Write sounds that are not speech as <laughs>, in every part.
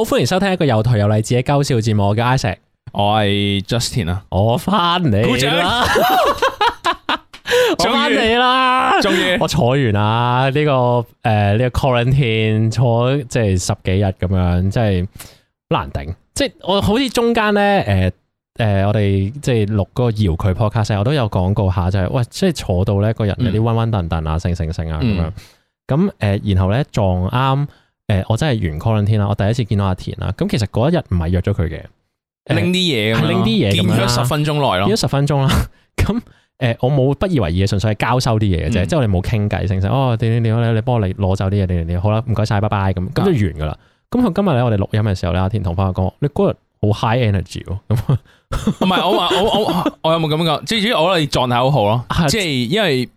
好歡迎收聽一個又頹又勵志嘅鳩笑節目，我叫 Isaac，我係 Justin 啊，我返嚟啦，返嚟啦，終於。我坐完啊，呢個誒呢個 quarantine 坐即係十幾日咁樣，即係難頂。即係我好似中間咧，誒誒，我哋即係錄嗰個搖佢 podcast，我都有講過下，就係喂，即係坐到咧，個人有啲瘟瘟燉燉啊，醒醒醒啊咁樣。咁誒，然後咧撞啱。誒，我真係完 call 啦添啦，我第一次見到阿田啦。咁其實嗰一日唔係約咗佢嘅，拎啲嘢拎啲嘢咁樣十分鐘內咯，約咗十分鐘啦。咁誒，我冇不以為意嘅，純粹係交收啲嘢嘅啫。嗯、即係我哋冇傾偈，成成哦，點點你你幫我你攞走啲嘢，點點點，好啦，唔該晒，拜拜。咁咁就完噶啦。咁是今日咧，我哋錄音嘅時候咧，阿田同我講，你嗰日好 high energy 咯。唔係我話我我我，我有冇咁講？最 <laughs> 主要我哋狀態好好咯，即係因為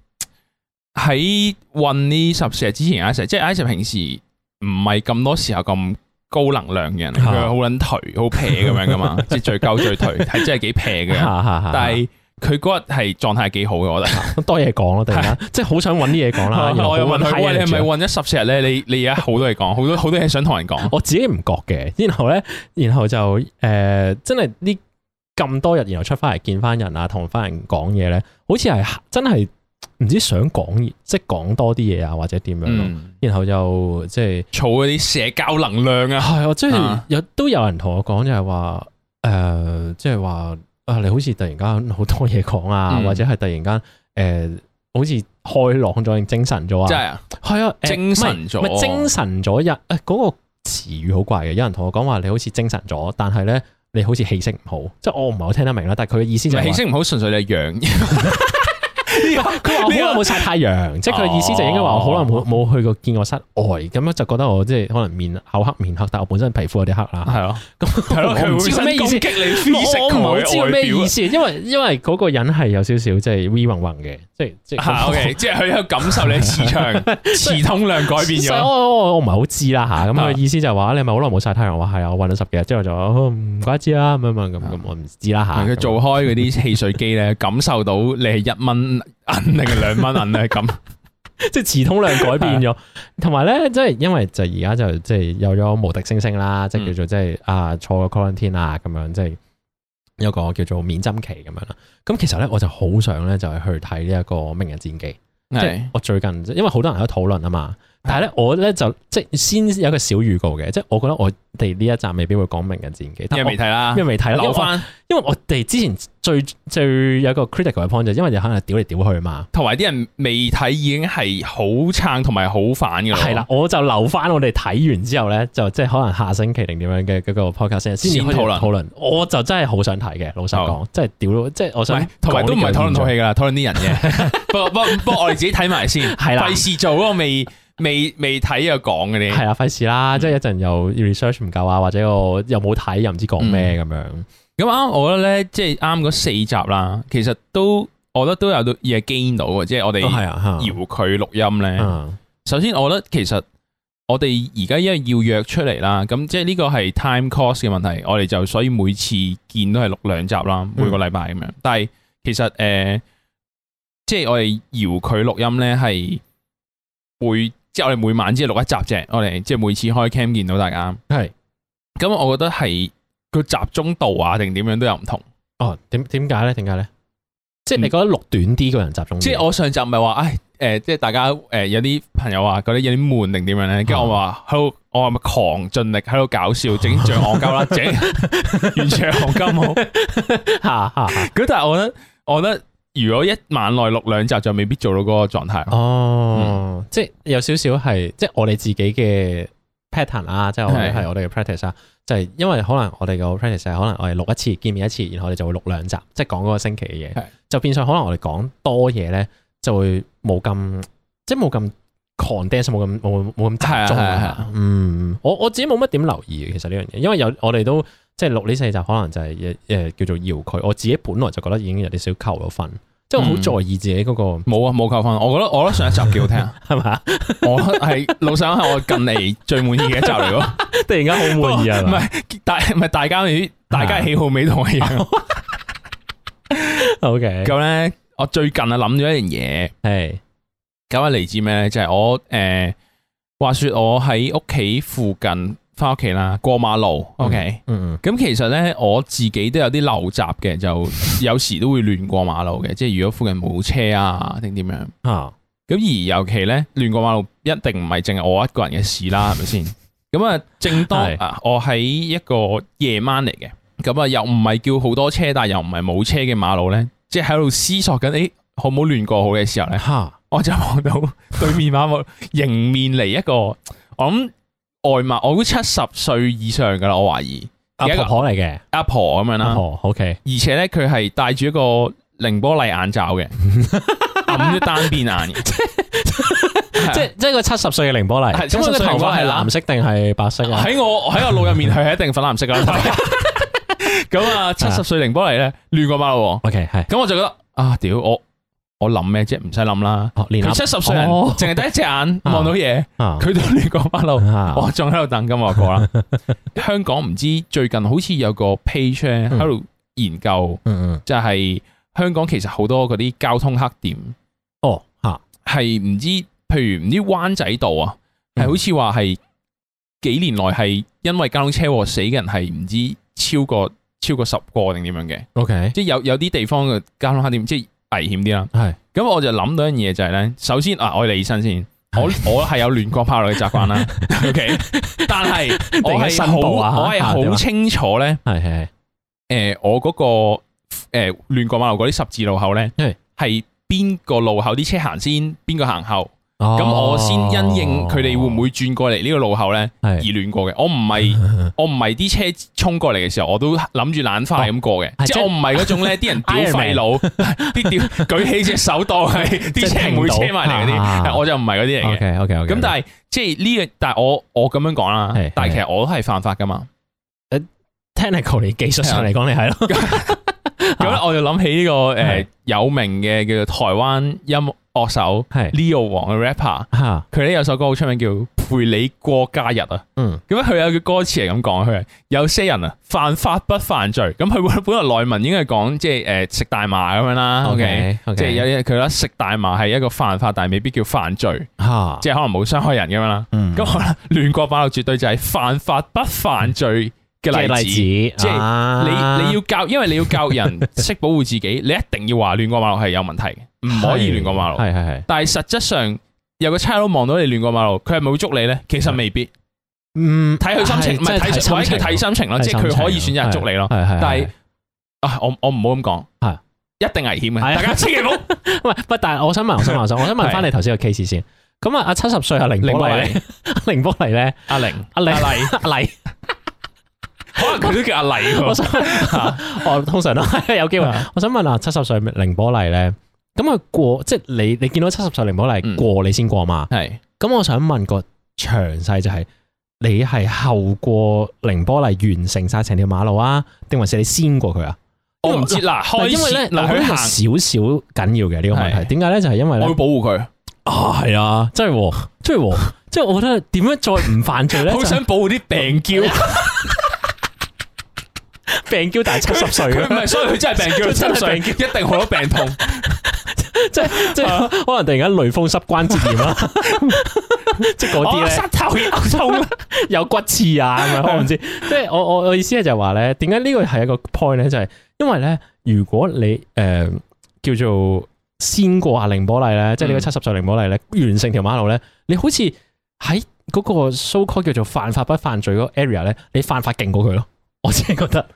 喺運呢十四日之前阿 Sir 即係阿 Sir 平時。唔係咁多時候咁高能量嘅人，佢好撚頹，好撇咁樣噶嘛，即係最鳩最頹，係真係幾撇嘅。但係佢嗰日係狀態係幾好嘅，我覺得多嘢講咯，突然間即係好想揾啲嘢講啦。我又問佢，喂，你係咪混咗十四日咧？你你而家好多嘢講，好多好多嘢想同人講。我自己唔覺嘅。然後咧，然後就誒，真係呢咁多日，然後出翻嚟見翻人啊，同翻人講嘢咧，好似係真係。唔知想講即係講多啲嘢啊，或者點樣咯？嗯、然後又即係儲嗰啲社交能量啊，係、嗯、啊，即係有都有人同我講、呃，就係話誒，即係話啊，你好似突然間好多嘢講啊，嗯、或者係突然間誒、呃，好似開朗咗定精神咗啊？即係、嗯呃、啊，係、嗯、啊，啊啊啊精神咗，精神咗一誒，嗰、那個詞語好怪嘅，有人同我講話你好似精神咗，但係咧你好似氣色唔好，即係我唔係好聽得明啦，但係佢嘅意思就係氣色唔好，純粹你係樣。佢話我好耐冇曬太陽，即係佢意思就應該話我好耐冇去過見過室外，咁樣就覺得我即係可能面口黑面黑，但我本身皮膚有啲黑啦。係咯，咁係佢會攻擊你我唔色嘅外表。因為因為嗰個人係有少少即係 V 混混嘅，即係即係佢要感受你磁場磁通量改變咗。我唔係好知啦嚇。咁佢意思就係話你咪好耐冇曬太陽，話係啊，我搵咗十幾日之後就唔怪之啦咁樣。咁我唔知啦嚇。佢做開啲汽水機咧，感受到你係一蚊。肯定係兩蚊銀，肯定係咁， <laughs> <laughs> 即係磁通量改變咗，同埋咧，即係因為就而家就即係有咗無敵星星啦，即係叫做即係啊，錯個 quarantine 啊咁樣，即係有個叫做免針期咁樣啦。咁其實咧，我就好想咧就係去睇呢一個明日戰記，即係的我最近，因為好多人喺度討論啊嘛。但係咧，我咧就即係先有一個小預告嘅，即係我覺得我哋呢一集未必會講明日戰記，因為未睇啦，因為未睇啦。留翻，因為我哋之前最最有一個 critical point 就因為可能屌嚟屌去嘛。同埋啲人未睇已經係好撐同埋好反㗎喇。係啦，我就留翻我哋睇完之後咧，就即係可能下星期定點樣嘅嗰個 podcast 先討論討論。我就真係好想睇嘅，老實講，哦，即係屌咯，即係我想。同埋都唔係討論套戲噶啦，討論啲人嘅。不不不，不，不，不，不，不，我哋自己睇埋先，係啦，費事做嗰個未。 <laughs> 未未睇又講嘅你係啊，費事啦，嗯、即係一陣又 research 唔夠啊，或者我又冇睇又唔知講咩咁樣。咁啱、嗯，我覺得咧，即係啱嗰四集啦，其實都我覺得都有啲嘢 gain 到嘅，即、就、係、是、我哋遙距錄音咧。哦啊嗯、首先，我覺得其實我哋而家因為要約出嚟啦，咁即係呢個係 time course 嘅問題，我哋就所以每次見都係錄兩集啦，每個禮拜咁樣。嗯、但係其實誒，即、呃、係、就是、我哋遙距錄音咧係會。即係我哋每晚只係錄一集啫，我哋即係每次開 cam 見到大家。係是，咁我覺得係個集中度啊，定點樣都有唔同。哦，點點解咧？點解咧？呢即係你覺得錄短啲個人集中？即係我上集咪係話，唉，誒、呃，即係大家誒有啲朋友話覺得有啲悶定點悶樣咧？跟住、啊、我話喺度，Hello, 我咪狂盡力喺度搞笑，整最憨鳩啦，整 <laughs> <laughs> <laughs> 完全憨鳩，好吓吓吓。嗰但係我覺得我覺得。我覺得如果一晚內錄兩集，就未必做到嗰個狀態。哦，嗯、即係有少少係，即係我哋自己嘅 pattern 啊的，即係係我哋嘅 practice 啊的。就係因為可能我哋嘅 practice 可能我哋錄一次，見面一次，然後我哋就會錄兩集，即係講嗰個星期嘅嘢，的就變相，可能我哋講多嘢咧，就會冇咁即係冇咁 condense，冇咁冇冇咁集中。係係啊，嗯，我我自己冇乜點留意其實呢樣嘢，因為有我哋都。即係錄呢四集，可能就係一誒叫做搖佢。我自己本來就覺得已經有啲少扣咗分，即係我好在意自己嗰、那個。冇啊，冇扣分。我覺得我咧上一集幾好聽，係嘛 <laughs> 吧？我係老想係我近嚟最滿意嘅一集嚟咯。 <laughs> 突然間好滿意啊！唔係過吧大唔係大家大家喜好未同我一樣 <laughs> <laughs> ？OK。咁咧，我最近啊諗咗一樣嘢，係咁係嚟自咩咧？即、就、係、是、我誒、呃、話說，我喺屋企附近。翻屋企啦，過馬路，OK，嗯，咁 OK?、嗯嗯、其實呢，我自己都有啲陋習嘅，就有時都會亂過馬路嘅，即係如果附近冇車啊定點樣啊，咁而尤其呢，亂過馬路一定唔係淨係我一個人嘅事啦，係咪先？咁啊，正當我喺一個夜晚嚟嘅，咁啊又唔係叫好多車，但係又唔係冇車嘅馬路呢，即係喺度思索緊，誒、哎、好唔好亂過好嘅時候呢，吓哈，我就望到對面馬路 <laughs> 迎面嚟一個，我諗。外貌，我估七十歲以上噶啦，我懷疑阿婆婆嚟嘅，阿婆咁樣啦，阿婆，OK，而且咧佢係戴住一個凌波麗眼罩嘅，唔單邊眼嘅，即即即個七十歲嘅凌波麗，係咁個頭髮係藍色定係白色啊？喺我喺個腦入面佢係一定粉藍色噶啦，咁啊七十歲凌波麗咧亂過馬騮 OK 係，咁我就覺得啊屌我。我諗咩啫？唔使諗啦。佢七十歲人，淨係得一隻眼望到嘢。佢都亂講 h e 我仲喺度等緊我過啦。香港唔知最近好似有個 page 喺度研究，就係香港其實好多嗰啲交通黑點。哦，吓係唔知，譬如唔知灣仔道啊，係好似話係幾年內係因為交通車禍死嘅人係唔知超過超過十個定點樣嘅。OK，即係有有啲地方嘅交通黑點，即係。危險啲啦，係，咁我就諗到一樣嘢，就係咧，首先啊，我嚟起身先，我我係有亂過馬路嘅習慣啦，O K，但係我係好，我係好清楚咧，係係係，誒，我嗰個誒亂過馬路嗰啲十字路口咧，係邊個路口啲車行先，邊個行後。咁我先因應佢哋會唔會轉過嚟呢個路口咧而亂過嘅，我唔係我唔係啲車衝過嚟嘅時候，我都諗住懶化咁過嘅，即我唔係嗰種咧，啲人屌費佬，啲屌舉起隻手擋，啲車唔會車埋嚟嗰啲，我就唔係嗰啲嚟嘅。ok ok，咁但係即係呢樣，但係我我咁樣講啦，但係其實我都係犯法㗎嘛。technical 嚟技術上嚟講，你係咯。咁我就諗起呢個誒有名嘅叫做台灣音樂。歌手係 Leo 王嘅 rapper，佢呢是有首歌好出名，叫《陪你過假日》啊。嗯，咁啊，佢有句歌詞係咁講，佢係有些人啊，犯法不犯罪？咁佢本本來內文應該係講即係誒食大麻咁樣啦。O K，即係有佢啦，食大麻係、okay, okay 一個犯法，但係未必叫犯罪。啊、即係可能冇傷害人咁樣啦。咁啊、嗯，亂過馬路絕對就係犯法不犯罪嘅例子。即係、啊、你你要教，因為你要教人識保護自己， <laughs> 你一定要話亂過馬路係有問題。唔可以亂過馬路，係係係。但係實質上有個差佬望到你亂過馬路，佢係咪會捉你咧？其實未必，嗯，睇佢心情，唔係睇睇心情咯，即係佢可以選擇捉你咯。係係。但係，我我唔好咁講，係一定危險嘅。大家千祈唔好。喂，但係我想問，我想問，我想問翻你頭先個 case 先。咁啊，阿七十歲阿凌波麗，凌波麗咧，阿凌阿麗阿麗，可能佢都叫阿麗。我想，我通常都係有機會。我想問啊，七十歲凌波麗咧。咁佢過，即係你你見到七十歲凌波麗過你先過嘛？係、嗯，咁、嗯、我想問個詳細就係、是，你係後過凌波麗完成晒成條馬路啊，定還是你先過佢啊？我唔知啦，開啦因為咧嗱，佢行少少緊要嘅，呢個問題，點解咧就係、是、因為我會保護佢啊，係啊，真係、哦，真係、哦， <laughs> 即係我覺得點樣再唔犯罪咧，好 <laughs> 想保護啲病嬌。 <laughs> 病嬌大七十歲嘅，唔係，所以佢真係病嬌。七十病一定好多病痛，即係即係，就是、可能突然間類風濕關節炎啊，即係嗰啲咧，膝頭又痛，又骨刺啊，唔知。即係我我我意思咧就係話咧，點解呢個係一個 point 咧，就係因為咧，如果你誒、呃、叫做先過下綾波麗咧，即係呢個七十歲綾波麗咧，嗯、完成條馬路咧，你好似喺嗰個 so called 叫做犯法不犯罪嗰 area 咧，你犯法勁過佢咯，我只係覺得。 <laughs>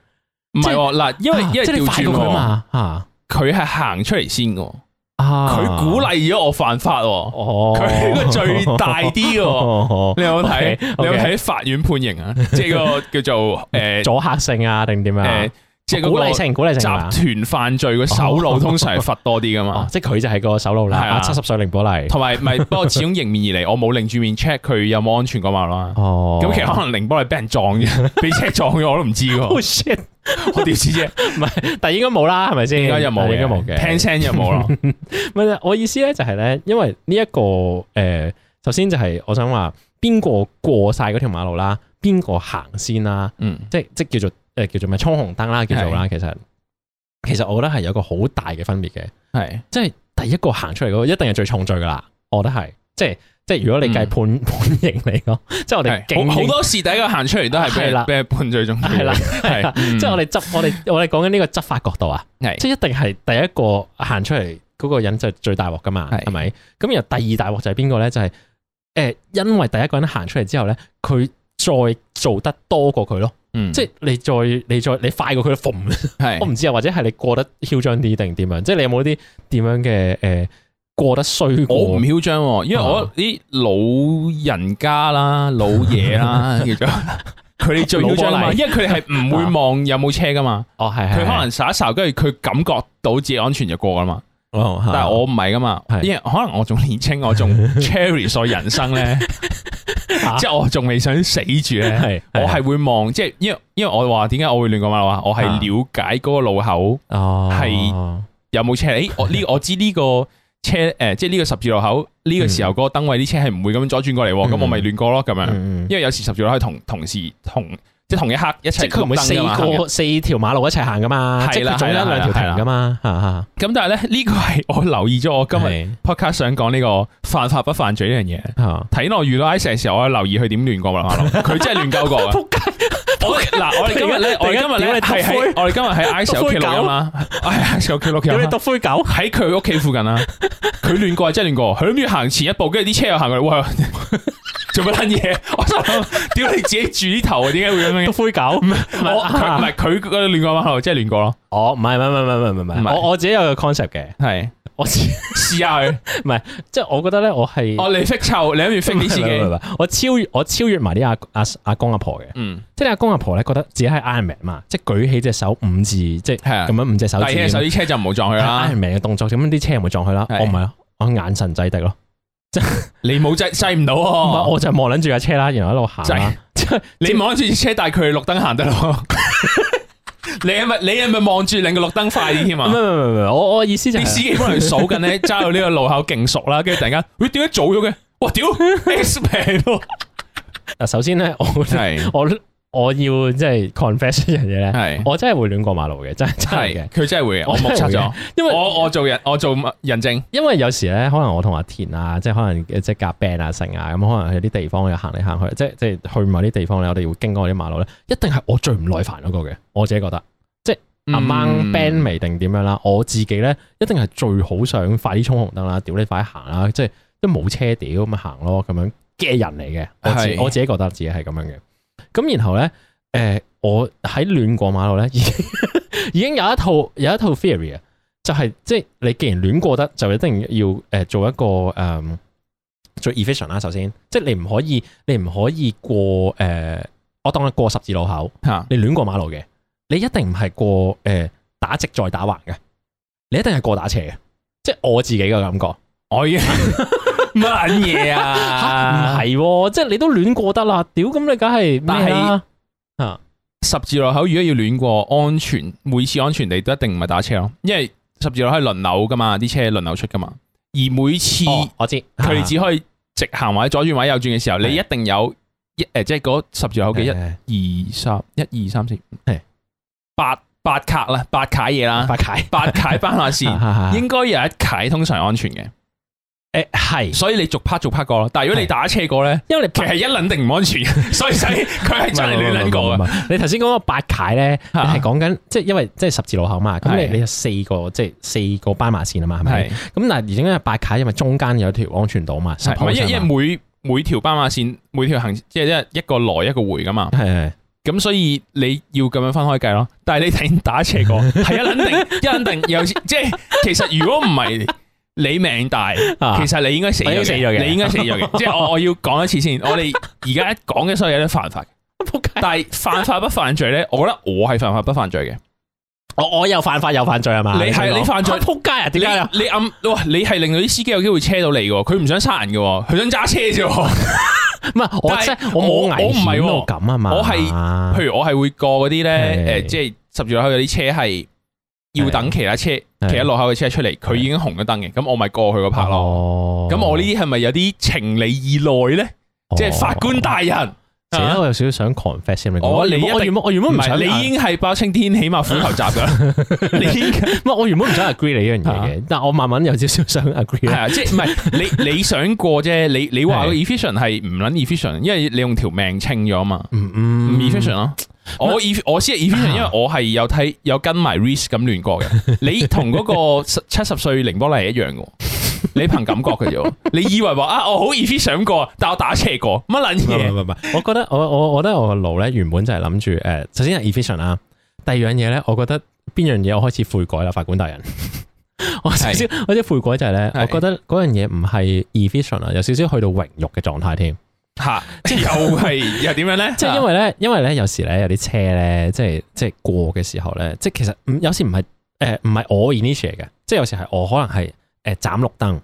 唔係，嗱，因為因為條柱嘛，啊，佢係行出嚟先嘅，啊，佢鼓勵咗我犯法，哦，佢個罪大啲嘅，你有冇睇？你有睇法院判刑啊？即係個叫做誒阻嚇性啊，定點樣？即係鼓勵性，鼓勵性。集團犯罪個首腦通常係罰多啲噶嘛，即係佢就係個首腦啦。係啊，七十歲凌波麗。同埋，咪不過始終迎面而嚟，我冇擰住面 check 佢有冇安全過馬路咯。哦，咁其實可能凌波麗俾人撞咗，俾車撞咗，我都唔知噶。Oh shit！我點知啫？唔係，但係應該冇啦，係咪先？應該又冇，應該冇嘅。聽聲又冇咯。唔係，我意思咧就係咧，因為呢一個誒，首先就係我想話，邊個過晒嗰條馬路啦，邊個行先啦？嗯，即係即叫做。誒，叫做咩？衝紅燈啦，叫做啦。其實，其實我覺得係有個好大嘅分別嘅。係，是的 即係第一個行出嚟嗰個，一定係最重罪噶啦。我覺得係，即係即係，如果你計判判刑嚟講，的即係我哋好，好多事，第一個行出嚟都係俾判是的 判最重罪。係啦，係，的嗯、即係我哋執，我哋我哋講緊呢個執法角度啊。即係一定係第一個行出嚟嗰個人就最大鑊噶嘛。係咪？咁然後第二大鑊就係邊個咧？就係誒，因為第一個人行出嚟之後咧，佢再做得多過佢咯。嗯、即係你再你再你快過佢嘅縫，是我唔知啊，或者係你過得囂張啲定點樣？即係你有冇啲點樣嘅誒、呃、過得衰？我唔囂張，因為我啲老人家啦、老嘢啦，佢哋 <laughs> 最囂張啊，因為佢哋係唔會望有冇車噶嘛。哦，係，佢可能睄一睄，跟住佢感覺到自己安全就過噶啦嘛。但係我唔係噶嘛，是因為可能我仲年輕，我仲 cherish 所我人生咧， <laughs> 即係我仲未想死住咧，是我係會望，即係因為因為我話點解我會亂過馬路啊？我係了解嗰個路口係有冇車，誒、哦欸，我呢我知呢個車誒，即係呢個十字路口呢、這個時候嗰個燈位啲車係唔會咁樣左轉過嚟，咁、嗯、我咪亂過咯咁樣，嗯、因為有時十字路可以同同時同。即係同一刻一齊，即佢唔係四個四條馬路一齊行噶嘛？係啦，係啦，係啦。即係兩條停噶嘛？咁但係咧，呢個係我留意咗，我今日 podcast 想講呢個犯法不犯罪呢樣嘢。睇落遇到 Ice 嘅時候，我留意佢點亂過馬路，佢真係亂交過我哋嗱，我哋今日，咧，我哋今日我哋今日喺 Ice 屋企錄音啊嘛，係 Ice 屋企錄音錄音你讀灰狗？喺佢屋企附近啊，佢亂過真係亂過，佢諗住行前一步，跟住啲車又行過嚟，做乜捻嘢？我諗，屌你自己住呢頭啊？點解會咁樣嘅？灰狗唔係佢個亂過馬路，即係亂過咯。哦、oh，唔係唔係唔係唔係唔係唔係，我我自己有個 concept 嘅。係我試下佢，唔係即係我覺得咧，我係哦，你識湊，你一邊飛你自己，我超越我超越埋啲阿阿阿公阿婆嘅。嗯，即係你阿公阿婆咧，覺得自己係 Iron Man 嘛，即係舉起隻手五字，即係咁樣五隻手。但係隻手啲車就唔好撞佢啦，Iron Man 嘅動作咁啲車唔會撞佢啦。我唔係咯，我眼神制敵咯。你冇制制唔到、啊，唔我就望捻住架車啦，然後喺度行。你望住架車，但係佢綠燈行得咯。你係咪你係咪望住令個綠燈快啲添啊？唔唔唔唔我我意思就係、是、啲司機可能數緊咧揸到呢個路口，勁熟啦，跟住突然間，喂，點解早咗嘅？哇，屌 expect。首先咧，我我。我要即係 confess 一樣嘢咧，是我真係會亂過馬路嘅，真真係嘅。佢真係會，我目測咗。因為我我做人我做人證，因為有時咧，可能我同阿田啊，即係可能即係夾 band 啊、成啊，咁可能有啲地方又行嚟行去，即係即係去埋啲地方咧，我哋會經過啲馬路咧，一定係我最唔耐煩嗰個嘅，我自己覺得。即係 among band 未、嗯、定點、啊嗯點啊、樣啦、啊，我自己咧一定係最好想快啲衝紅燈啦，屌你快啲行啦，即係都冇車屌咁行咯，咁樣嘅人嚟嘅。我我自己覺得自己係咁樣嘅。咁然後咧，誒、呃，我喺亂過馬路咧，已經 <laughs> 已經有一套有一套 theory 啊，就係、是、即係你既然亂過得，就一定要誒做一個誒、嗯、做 efficient 啦。首先，即係你唔可以，你唔可以過誒、呃，我當係過十字路口，你亂過馬路嘅，你一定唔係過誒、呃、打直再打橫嘅，你一定係過打斜嘅，即係我自己嘅感覺。我而家。乜嘢啊？唔係，即係你都亂過得啦。屌，咁你梗係咩啦？啊，十字路口如果要亂過安全，每次安全地都一定唔係打車咯，因為十字路口係輪流噶嘛，啲車輪流出噶嘛。而每次我知，佢哋只可以直行或者左轉或者右轉嘅時候，你一定有一誒，即係嗰十字路口嘅一二三一二三四係八八卡啦，八卡嘢啦，八卡八卡斑馬線應該有一卡通常安全嘅。誒係，所以你逐 part 逐 part 過咯。但係如果你打斜過咧，因為你其實一擰定唔安全，所以使佢係真係亂擰過啊。你頭先講個八楷咧，係講緊即係因為即係十字路口嘛。咁你你有四個即係四個斑馬線啊嘛，係咪？咁但係而家八楷因為中間有條安全島嘛。唔係，因為每每條斑馬線每條行即係一個來一個回噶嘛。咁所以你要咁樣分開計咯。但係你睇打斜過，係一擰定一擰定又即係其實如果唔係。你命大，其實你應該死咗，死咗嘅，你應該死咗嘅。即係我，我要講一次先。我哋而家講嘅所有嘢都犯法。仆街！但係犯法不犯罪咧？我覺得我係犯法不犯罪嘅。我我又犯法又犯罪係嘛？你係你犯罪仆街啊？點解啊？你暗你係令到啲司機有機會車到你嘅？佢唔想殺人㗎，佢想揸車啫。唔係，我我我我唔係喎咁啊嘛。我係譬如我係會過嗰啲咧誒，即係十字路口嗰啲車係要等其他車。騎落口嘅車出嚟，佢已經紅咗燈嘅，咁我咪過去個拍咯。咁我呢啲係咪有啲情理以內咧？即係法官大人，我有少少想 confess 我你我原本我原本唔係，你已經係包青天，起碼虎頭鍘噶，你唔係我原本唔想 agree 你呢樣嘢嘅，但我慢慢有少少想 agree 啦。係啊，即係唔係你你想過啫？你你話個 efficient 係唔撚 efficient，因為你用條命清咗嘛。嗯 efficient 啊。我以我先係 efficient，因為我係有睇有跟埋 risk 咁亂過嘅。 <laughs> 你同嗰個七十歲凌波麗一樣嘅，你憑感覺嘅啫。你以為話啊，我好 efficient 過，但我打斜過乜捻嘢？唔係唔係，我覺得我我我覺得我個腦咧原本就係諗住誒，首先係 efficient 啊。第二樣嘢咧，我覺得邊樣嘢我開始悔改啦，法官大人。 <laughs> 我少少先是 我啲悔改就係、是、咧，是 我覺得嗰樣嘢唔係 efficient 啊，有少少去到榮辱嘅狀態添。吓，即係又係 <laughs> 又點樣咧？即係 <laughs> 因為咧，因為咧有時咧有啲車咧，即係即係過嘅時候咧，即係其實有時唔係誒唔係我 initiate 嘅，即係有時係我可能係誒斬綠燈，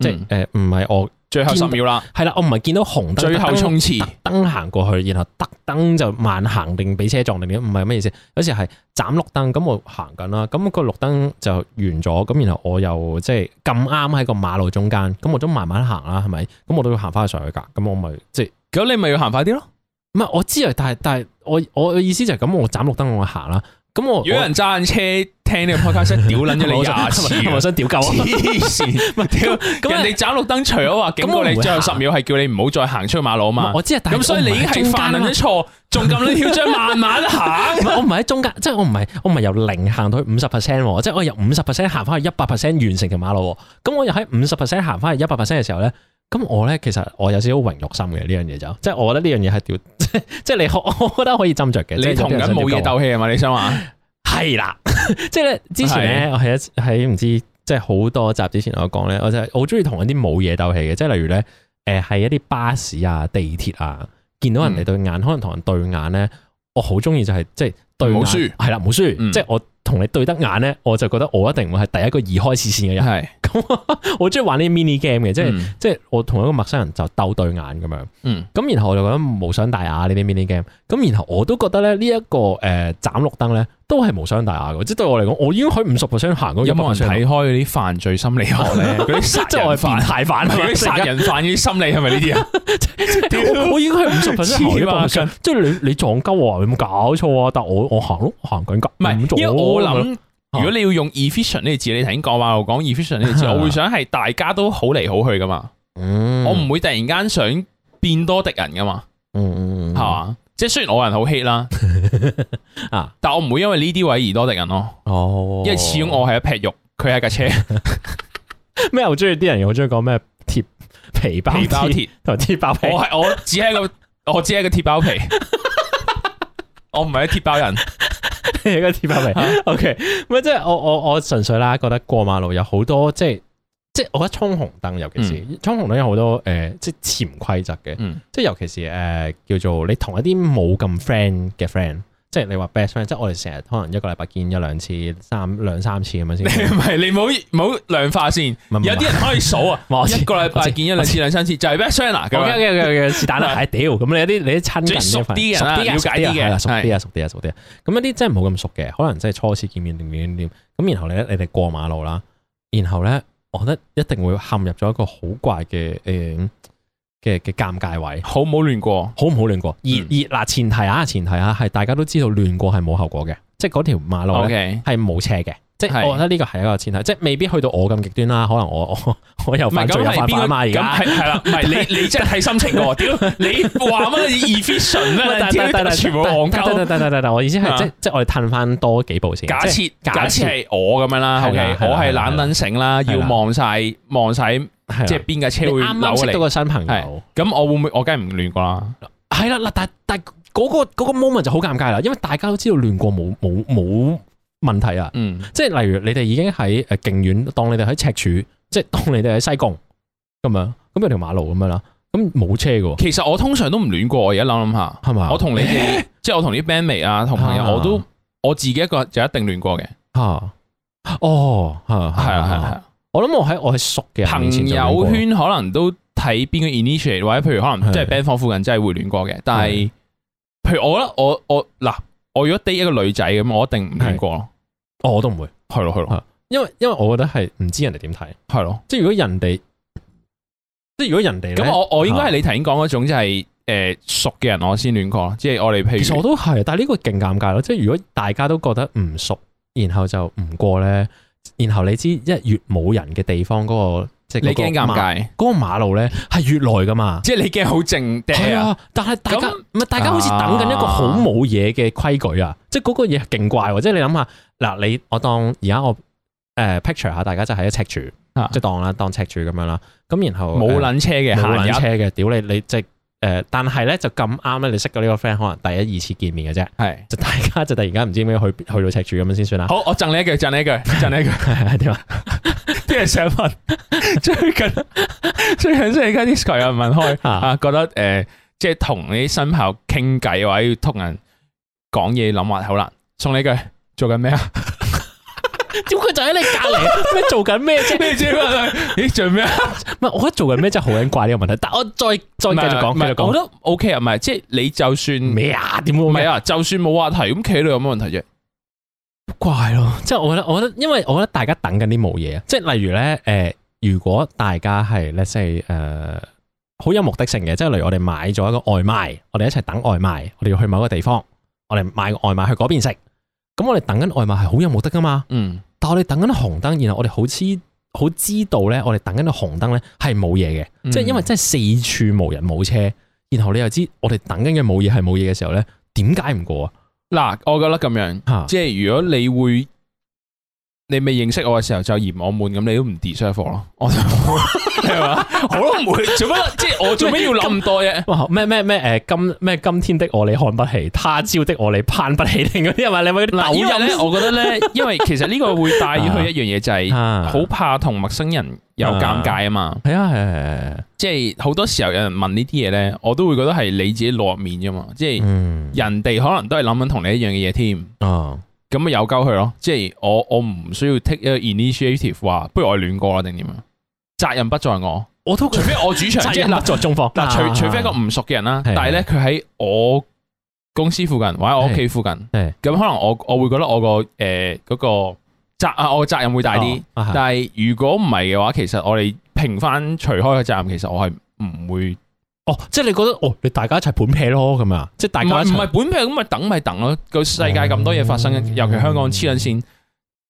即係誒唔係我。嗯最後十秒啦，係啦，我唔係見到紅燈，最後衝刺，燈行意過去，然後特登就慢行定俾車撞定點，唔係咩意思？有時係斬綠燈，咁我行緊啦，咁個綠燈就完咗，咁然後我又即係咁啱喺個馬路中間，咁我都慢慢行啦，係咪？咁我都要行翻上去噶，咁我咪即係，如果你咪要行快啲咯？唔係我知啊，但係但係我我嘅意思就係、是、咁，我斬綠燈我行啦。咁我如果有人揸車聽你個 podcast，屌捻咗你牙齒 <laughs> <laughs> 我想屌鳩黐線！咪屌 <laughs> 那！咁 <laughs> 那你閃綠燈，除咗話咁我哋最後十秒，係叫你唔好再行出去馬路嘛？我知啊，但係咁所以你已經係犯咗錯，仲咁 <laughs> 樣跳轉慢慢行，我唔係喺中間，即係我唔係我唔係由零行到去五十 percent，即係我由五十 percent 行翻去一百 percent 完成條馬路。咁我又喺五十 percent 行翻去一百 percent 嘅時候咧。咁我咧，其實我有少少榮辱心嘅呢樣嘢就，即係我覺得呢樣嘢係屌，即係你我，我覺得可以斟酌嘅。你同緊冇嘢鬥氣啊嘛？你想話？係啦， <laughs> 即係咧之前咧，我一，喺唔知即係好多集之前我講咧，我就我好中意同一啲冇嘢鬥氣嘅，即係例如咧，誒係一啲巴士啊、地鐵啊，見到人哋對眼，嗯、可能同人對眼咧，我好中意就係即係對眼，係啦冇輸，冇輸，嗯、即係我。同你對得眼咧，我就覺得我一定唔會係第一個移開視線嘅人。係是，咁 <laughs> 我中意玩呢啲 mini game 嘅，嗯、即係即係我同一個陌生人就鬥對眼咁樣。嗯，咁然後我就覺得無傷大雅呢啲 mini game，咁然後我都覺得咧呢一個誒斬綠燈咧都係無傷大雅。嘅，即係對我嚟講我已經可以五十 percent 行嗰。有冇人睇開啲犯罪心理學咧？嗰啲殺人犯、 <laughs> 是是變態犯、嗰啲殺人犯嗰啲心理係咪呢啲啊？我已經去五十 percent 行一、啊、即係你你撞鳩啊！你冇搞錯啊！但我我行咯，行緊唔做。我諗， <music> 如果你要用 efficient 呢個字，你頭先講話我講 efficient 呢個字，我會想係大家都好嚟好去噶嘛。嗯、我唔會突然間想變多敵人噶嘛。係嘛、嗯嗯嗯，即係雖然我人好 hit 啦，啊， <laughs> 但我唔會因為呢啲位而多敵人咯。哦，因為始終我係一劈肉，佢係架車。咩？ <laughs> <laughs> 好中意啲人，好中意講咩鐵皮包鐵同鐵包皮。我係我只係個，我只係一個鐵包皮。 <laughs> <laughs> 我唔係鐵包人。你個貼返嚟 OK 唔係即係我我我純粹啦，覺得過馬路有好多即係即係，我覺得衝紅燈，尤其是衝、嗯、紅燈有好多誒、呃，即係潛規則嘅，即係、嗯、尤其是誒、呃、叫做你同一啲冇咁 friend 嘅 friend。即係你話 best friend，即係我哋成日可能一個禮拜見一兩次，三兩三次咁樣先。你唔係，你唔好唔好量化先。有啲人可以數啊，一個禮拜見一兩次、兩三次就係 best friend 啦。我今日今日是但啦，唉屌！咁你有啲你啲親人熟啲人，了解啲嘅熟啲啊，熟啲啊，熟啲啊。咁一啲真係唔好咁熟嘅，可能真係初次見面定點點點。咁然後咧，你哋過馬路啦，然後咧，我覺得一定會陷入咗一個好怪嘅誒。嘅嘅尷尬位，好唔好亂過？好唔好亂過？而而嗱前提啊，前提啊，係大家都知道亂過係冇後果嘅，即係嗰條馬路咧係冇車嘅，即係我覺得呢個係一個前提，即係未必去到我咁極端啦，可能我我我又犯罪而家係係啦，唔係你你即係睇心情嘅，屌你話乜嘢 efficient 但但全部網得。但但但我意思係即即係我哋褪翻多幾步先。假設假設係我咁樣啦，我係懶撚醒啦，要望晒望晒。即係邊架車會扭嚟？啱啱識到個新朋友，咁我會唔會我梗係唔亂過啦？係啦，嗱，但但嗰、嗰個、嗰個 moment 就好尷尬啦，因為大家都知道亂過冇冇冇問題啊。嗯，即係例如你哋已經喺誒勁遠，當你哋喺赤柱，即係當你哋喺西貢咁樣，咁有條馬路咁樣啦，咁冇車嘅。其實我通常都唔亂過，我而家諗諗下係咪？吧我同你 <laughs> 即係我同啲 bandmate 啊，同朋友，啊、我都我自己一個就一定亂過嘅。吓、啊、哦，係啊，係啊，係啊。啊啊啊啊我諗我喺我係熟嘅，朋友圈可能都睇邊個 initiate，或者譬如可能即係 band 房附近真係會亂過嘅。的但係譬如我覺得，我我嗱，我如果 date 一個女仔咁，我一定唔亂過咯。我都唔會，係咯，係咯，因為因為我覺得係唔知人哋點睇，係咯的。的即係如果人哋，即係如果人哋咁，我我應該係你頭先講嗰種，即係誒熟嘅人，我先亂過。即係我哋譬如，其實我都係，但係呢個勁尷尬咯。即係如果大家都覺得唔熟，然後就唔過咧。然後你知一越冇人嘅地方嗰個即係你驚尷尬，嗰個馬路咧係越來噶嘛？嘛即係你驚好靜，係啊！但係大家唔係那大家好似等緊一個好冇嘢嘅規矩啊！即係嗰個嘢勁怪，即係你諗下嗱，你我當而家我誒 picture 下，大家就喺一赤柱，即係是、啊、當啦，當赤柱咁樣啦。咁然後冇捻車嘅，冇捻入車嘅，屌你你即係。誒，但係咧就咁啱咧，你識到呢個 friend 可能第一二次見面嘅啫，係就是大家就突然間唔知點去去到赤柱咁樣先算啦。好，我贈你一句，贈你一句，贈你一句，點啊？啲人成日問最近最近最近啲 sky 又問開啊，覺得誒、呃、即係同你新朋友傾偈或者要同人講嘢諗話好難。送你一句，做緊咩啊？ <laughs> 點佢就喺你隔籬咩，做緊咩啫？咩啫嘛？做咩啊？唔係，我覺得做緊咩真係好鬼怪呢個問題。但我再再繼續講，繼續講，我都 O K 啊。唔係，即係你就算咩啊？點會咩啊？就算冇話題，咁企度有乜問題啫？怪咯，即係我覺得，我覺得，因為我覺得大家等緊啲冇嘢啊。即係例如咧，誒，如果大家係咧即係誒，好有目的性嘅，即係例如我哋買咗一個外賣，我哋一齊等外賣，我哋要去某一個地方，我哋買個外賣去嗰邊食。咁我哋等緊外賣係好有目的噶嘛，嗯、但係我哋等緊紅燈，然後我哋好知好知道咧，我哋等緊個紅燈咧係冇嘢嘅，即係因為真係四處無人冇車，然後你又知我哋等緊嘅冇嘢係冇嘢嘅時候咧，點解唔過啊？嗱，我覺得咁樣吓，啊、即係如果你會。你未認識我嘅時候就嫌我悶咁，你都唔 deserve 咯，係嘛？ <laughs> 我都唔會，做乜即係我做乜要諗咁多嘢？咩咩咩？誒，今咩今天的我你看不起，他朝的我你攀不起，定嗰啲係咪？你咪嗰啲抖音我覺得咧，因為其實呢個會帶去一樣嘢，就係好怕同陌生人有尷尬啊嘛。係啊，係係即係好多時候有人問呢啲嘢咧，我都會覺得係你自己落面啫嘛。即係人哋可能都係諗緊同你一樣嘅嘢添啊。嗯嗯咁咪有鳩佢咯，即係我我唔需要 take 一個 initiative 話不如我亂過啦定點啊？責任不在我，我都除非我主場即立 <laughs> 在中方，但，但除除非一個唔熟嘅人啦，是的 但係咧佢喺我公司附近或者我屋企附近，咁是的 可能我我會覺得我個誒嗰個責啊我個責任會大啲，哦啊、但係如果唔係嘅話，其實我哋平翻除開個責任，其實我係唔會。哦，即係你覺得哦，你大家一齊本屁咯咁啊！即係大家唔係本係屁咁咪等咪等咯。個世界咁多嘢發生，尤其香港黐緊線，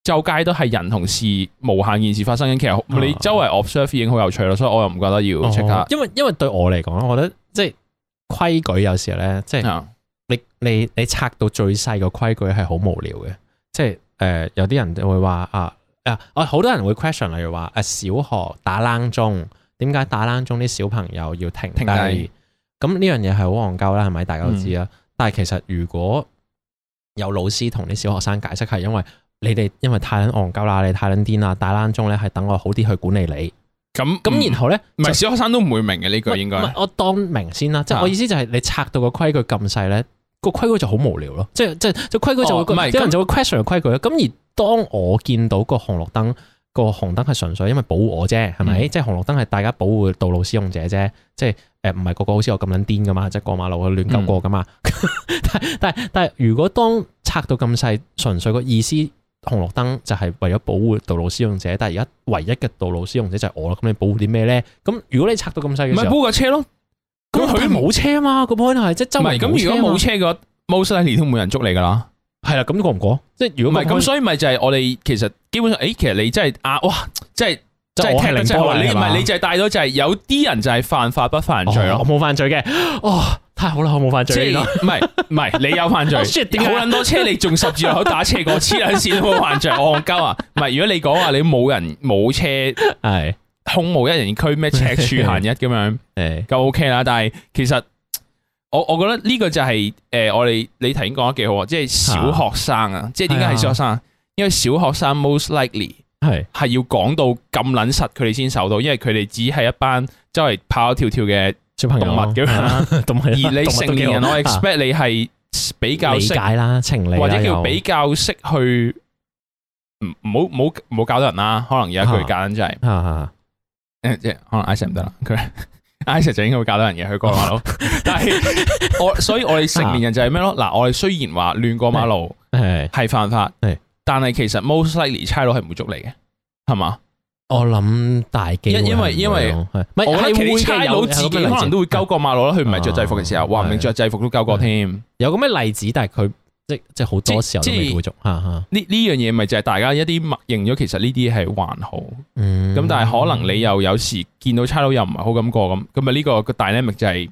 周街都係人同事無限件事發生緊。其實你周圍 observe 已經好有趣啦，所以我又唔覺得要 check 下、哦、因為因為對我嚟講，我覺得即係、就是、規矩有時咧，即係、uh, 你你你拆到最細個規矩係好無聊嘅。即係誒，uh, 有啲人就會話、uh, 啊會，啊，我好多人會 question，例如話啊，小學打冷鐘。點解打冷鐘啲小朋友要停？停咁呢樣嘢係好戇鳩啦，係咪？大家都知啦。嗯、但係其實如果有老師同啲小學生解釋，係因為你哋因為太撚戇鳩啦，你太撚癲啦，打冷鐘咧係等我好啲去管理你。咁咁、嗯、然後咧，唔係小學生都唔會明嘅呢句應該。唔係、我當明先啦，即係、啊、我意思就係你拆到個規矩咁細咧，個規矩就好無聊咯。即係即係個規矩就會，哦、就有啲人就會 question 個 quest 規矩啦。咁而當我見到個紅綠燈，個紅燈係純粹因為保護我啫，係咪？嗯、即係紅綠燈係大家保護道路使用者啫，即係誒，唔係個個好似我咁撚癲噶嘛，即係過馬路去亂咁過噶嘛。嗯、 <laughs> 但係但係，但如果當拆到咁細，純粹個意思，紅綠燈就係為咗保護道路使用者。但係而家唯一嘅道路使用者就係我啦。咁你保護啲咩咧？咁如果你拆到咁細嘅時候，咪保護個車咯。咁佢冇車啊嘛，個 point 係即係周唔咁如果冇車嘅，mostly 都冇人捉你噶啦。係啦，咁過唔過？即係如果唔係咁，所以咪就係我哋其實基本上，誒，其實你真係啊，哇，即係即係聽真好話，你唔係你就係帶咗，就係有啲人就係犯法不犯罪咯。我冇犯罪嘅，哦，太好啦，我冇犯罪。唔係唔係，你有犯罪。點解好捻多車？你仲十字路口打斜過黐兩線都冇犯罪？我戇鳩啊！唔係，如果你講話你冇人冇車，係空無一人區，咩赤柱行一咁樣，誒，夠 OK 啦。但係其實。我我覺得呢個就係，誒，我哋你頭先講得幾好，啊，即係小學生啊！即係點解係小學生啊？因為小學生 most likely 係係要講到咁捻實，佢哋先受到，因為佢哋只係一班周圍跑跑跳跳嘅小動物嘅，而你成年人，我 expect 你係比較理解啦，情理或者叫比較識去唔好唔好搞到人啦，可能有一句講就係，誒，可能 I s e 唔得啦，I 成就應該會教到人嘅去過馬路，但係我所以我哋成年人就係咩咯？嗱，我哋雖然話亂過馬路係是犯法，是但係其實 most likely 差佬係唔會捉你嘅，係嘛？我諗大機會，會因，因為因為是我哋會差佬自己可能都會勾過馬路啦。佢唔係着制服嘅時候，話唔定着制服都勾過過添，有個咩例子？但係佢。即即好多時候都未捕捉，呢呢樣嘢咪就係大家一啲默認咗，其實呢啲係還好，咁、嗯、但係可能你又有時見到差佬又唔係好咁過咁，咁啊呢個個 dynamic 就係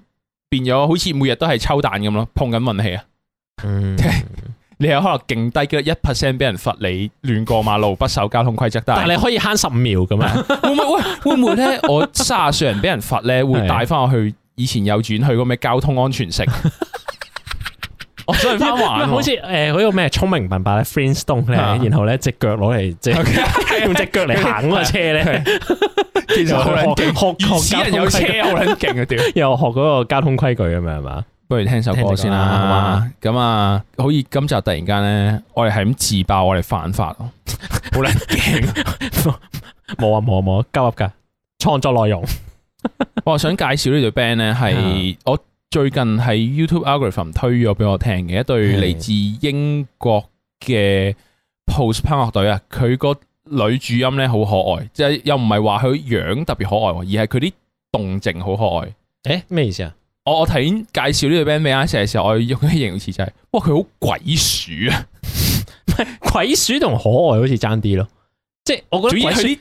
變咗好似每日都係抽蛋咁咯，碰緊運氣啊，嗯、 <laughs> 你有可能勁低嘅一 percent 俾人罰你亂過馬路不守交通規則，但係你可以慳十五秒咁啊？ <laughs> 會唔會？會唔會咧？我三十歲人俾人罰咧，會帶翻我去以前有轉去嗰咩交通安全城？ <laughs> 上翻環，好似誒嗰個咩聰明笨伯咧，Flintstone 咧，然後咧隻腳攞嚟，即用隻腳嚟行嗰個車咧，其實好卵勁，學學人有車好卵勁啊屌，又學嗰個交通規矩咁樣係嘛？不如聽首歌先啦，好嘛？咁啊，好似今集突然間咧，我哋係咁自爆，我哋犯法咯，好卵勁，冇啊冇啊冇啊，交入噶創作內容，我想介紹呢對 band 咧係我。最近係 YouTube algorithm 推咗俾我聽嘅一對嚟自英國嘅 post punk 樂隊啊，佢個女主音咧好可愛，即係又唔係話佢樣特別可愛，而係佢啲動靜好可愛。誒、欸，咩意思啊？我我睇介紹呢個 band 咩啊嘅時候我用一形容詞就係、是，哇，佢好鬼鼠啊！ <laughs> 鬼鼠同可愛好似爭啲咯，即係我覺得鬼鼠。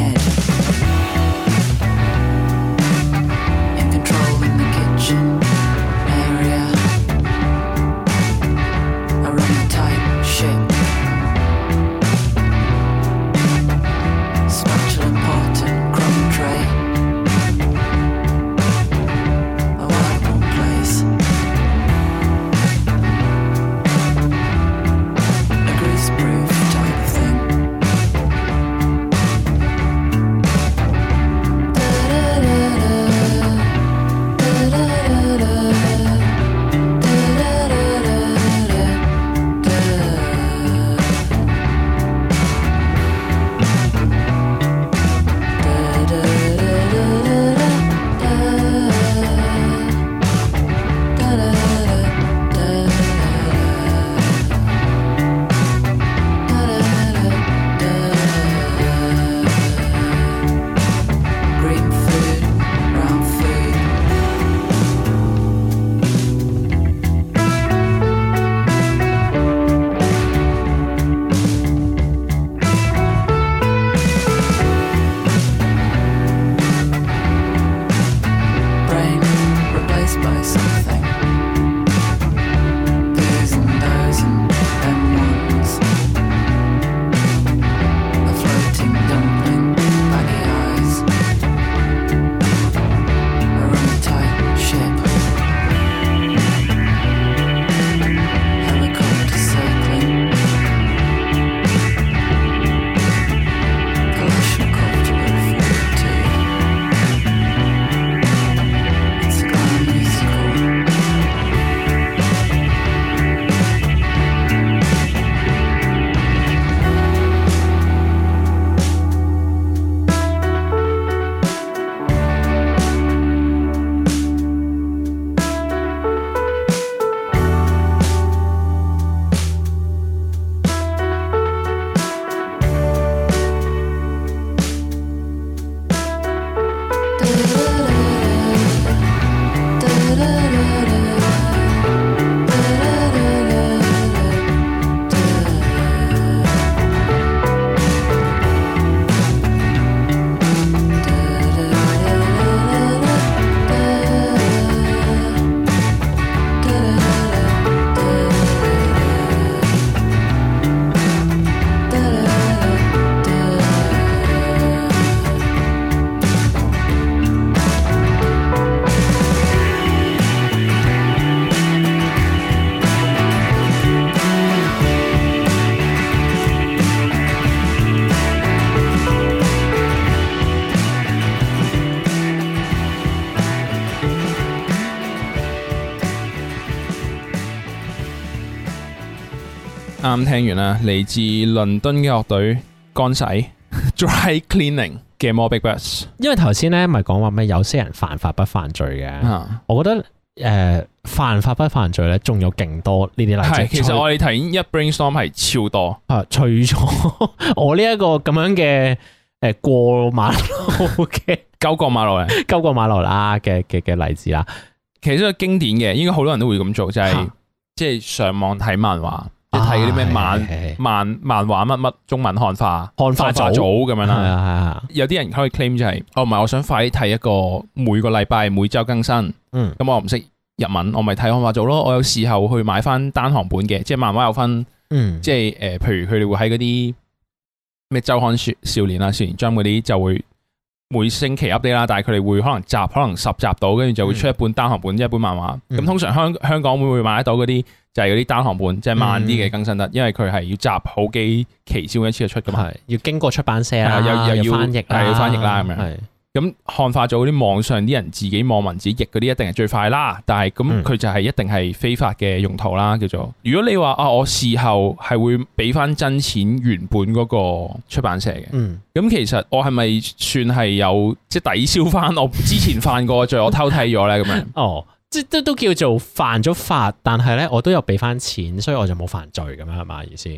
啱聽完啦，嚟自倫敦嘅樂隊乾洗 （Dry Cleaning） 嘅《More Big Birds》，因為頭先咧咪講話咩？有些人犯法不犯罪嘅，啊、我覺得誒、呃，犯法不犯罪咧，仲有勁多呢啲例子。其實我哋頭一 brainstorm 係超多。係、啊，除咗我呢一個咁樣嘅誒過馬路嘅勾 <laughs> 過馬路嘅勾過馬路啦嘅嘅嘅例子啦，其實都係經典嘅，應該好多人都會咁做，就係是即係上網睇漫畫。一睇嗰啲咩漫漫漫畫乜乜中文漢化漢化組咁樣啦，是啊是啊，有啲人可以 claim 就係、是，哦唔係，我想快啲睇一個每個禮拜每周更新，咁、嗯、我唔識日文，我咪睇漢化組咯。我有時候會去買翻單行本嘅，即係漫畫有分，嗯、即係誒、呃，譬如佢哋會喺嗰啲咩周刊少少年啊、少年 Jump 嗰啲就會每星期 update 啦，但係佢哋會可能集可能十集到，跟住就會出一本單行本、嗯、即一本漫畫。咁、嗯、通常香香港會唔會買得到嗰啲？就係嗰啲單行本，嗯、即係慢啲嘅更新得，因為佢係要集好幾期先一次就出㗎嘛，要經過出版社啊，又，又要，要翻譯啦，係翻譯啦咁樣。咁的的漢化組啲網上啲人自己網文自己譯嗰啲，一定係最快啦。但係咁佢就係一定係非法嘅用途啦，叫做。如果你話啊，我事後係會俾翻真錢原本嗰個出版社嘅，咁、嗯、其實我係咪算係有即係、就是、抵消翻我之前犯過罪， <laughs> 我偷睇咗咧咁樣？哦。即都叫做犯咗法，但係咧我都有俾翻錢，所以我就冇犯罪咁樣係嘛意思？